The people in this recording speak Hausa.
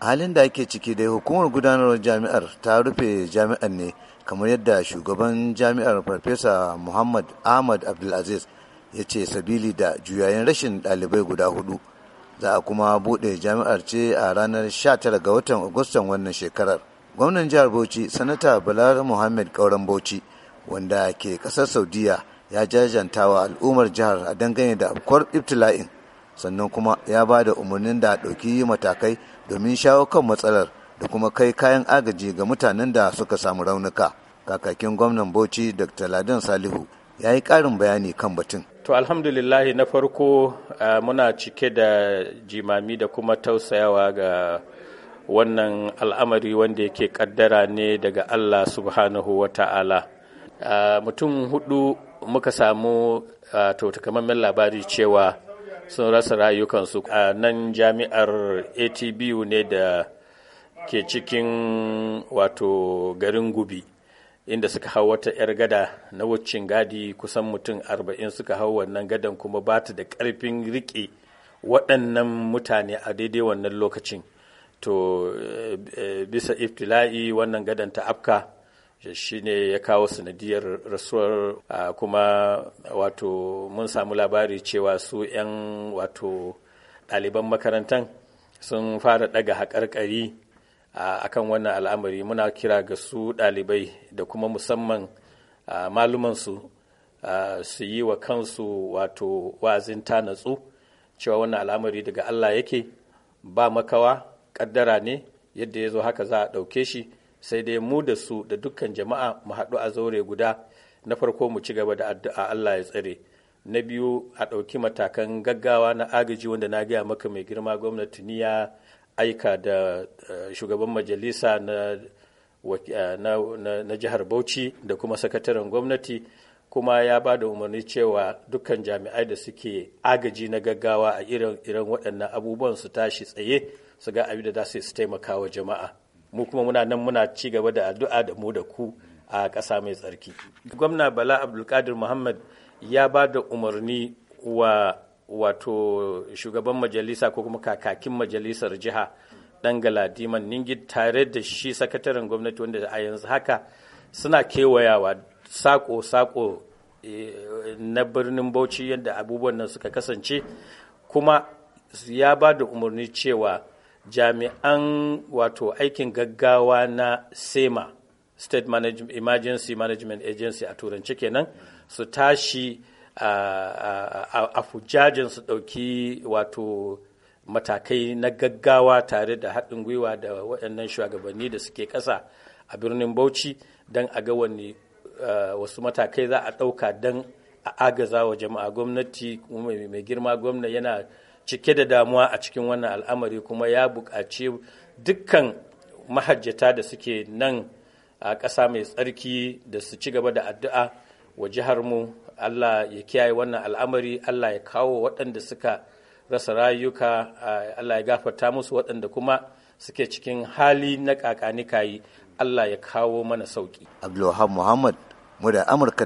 halin da ake ciki dai hukumar gudanarwar jami'ar ta rufe jami'ar ne kamar yadda shugaban jami'ar farfesa muhammad ahmad abdulaziz ya ce sabili da juyayen rashin ɗalibai guda hudu za a kuma buɗe jami'ar ce a ranar 19 ga watan agustan wannan shekarar gwamnan jihar bauchi sanata balar muhammad kauran bauchi wanda ke ƙasar saudiya ya jajantawa al'ummar jihar a dangane da afkuwar ibtila'in sannan kuma ya ba da umarnin da ɗauki matakai domin shawo kan matsalar da kuma kai kayan agaji ga mutanen da suka samu raunuka kakakin gwamnan bauchi dr ladan salihu ya yi ƙarin bayani kan batun to alhamdulillahi na farko uh, muna cike da jimami da kuma tausayawa ga wannan al'amari wanda yake kaddara ne daga allah subhanahu wa ta'ala eh, mutum hudu muka samu uh, to labari cewa sun rasa rayukansu a nan jami'ar atbu ne da ke cikin wato garin gubi inda suka hau wata 'yar gada na wuccin gadi kusan mutum arba'in suka hau wannan gadan kuma ba ta da ƙarfin riƙe waɗannan mutane a daidai wannan lokacin to eh, eh, bisa iftila'i wannan gadan ta afka shi ne ya kawo sanadiyar rasuwar kuma wato mun samu labari cewa su 'yan wato ɗaliban makarantar sun fara ɗaga haƙarƙari a kan wannan al'amari muna kira ga su ɗalibai da kuma musamman malumansu su yi wa kansu wato wazin ta natsu cewa wannan al'amari daga Allah yake ba makawa ƙaddara ne yadda ya zo haka za a ɗauke shi sai dai mu da su da dukkan jama'a mu haɗu a zaure guda na farko mu ci gaba da addu'a Allah ya tsare na biyu a ɗauki matakan gaggawa na agaji wanda na gaya maka mai girma gwamnati ni ya aika da eh, shugaban majalisa eh, na na jihar Bauchi da kuma sakataren gwamnati kuma ya ba da umarni cewa dukkan jami'ai da suke agaji na gaggawa a irin waɗannan abubuwan su tashi tsaye su ga abin da za su taimaka wa jama'a. mu kuma muna nan muna ci gaba da addu'a da mu da ku a ƙasa mai tsarki gwamna bala abdulkadir muhammad ya ba da umarni wa wato shugaban majalisa ko kuma kakakin majalisar jiha ɗan galadiman ningi tare da shi sakataren gwamnati wanda a yanzu haka suna kewayawa sako-sako eh, na birnin bauchi yadda abubuwan nan suka kasance kuma ya ba da umarni cewa jami'an wato aikin gaggawa na sema state management emergency management agency a turanci kenan su tashi a fujajen su ɗauki wato matakai na gaggawa tare da haɗin gwiwa da waɗannan shugabanni da suke ƙasa a birnin bauchi don a ga wani wasu matakai za a ɗauka don a agaza wa jama'a gwamnati mai girma gwamna yana cike da damuwa a cikin wannan al'amari kuma ya buƙaci dukkan mahajjata da suke nan a ƙasa mai tsarki da su ci gaba da addu'a wa jiharmu Allah ya kiyaye wannan al'amari Allah ya kawo waɗanda suka rasa rayuka Allah ya gafarta musu waɗanda kuma suke cikin hali na kakanikayi Allah ya kawo mana sauƙi. Abdullahi Muhammad, da Amurka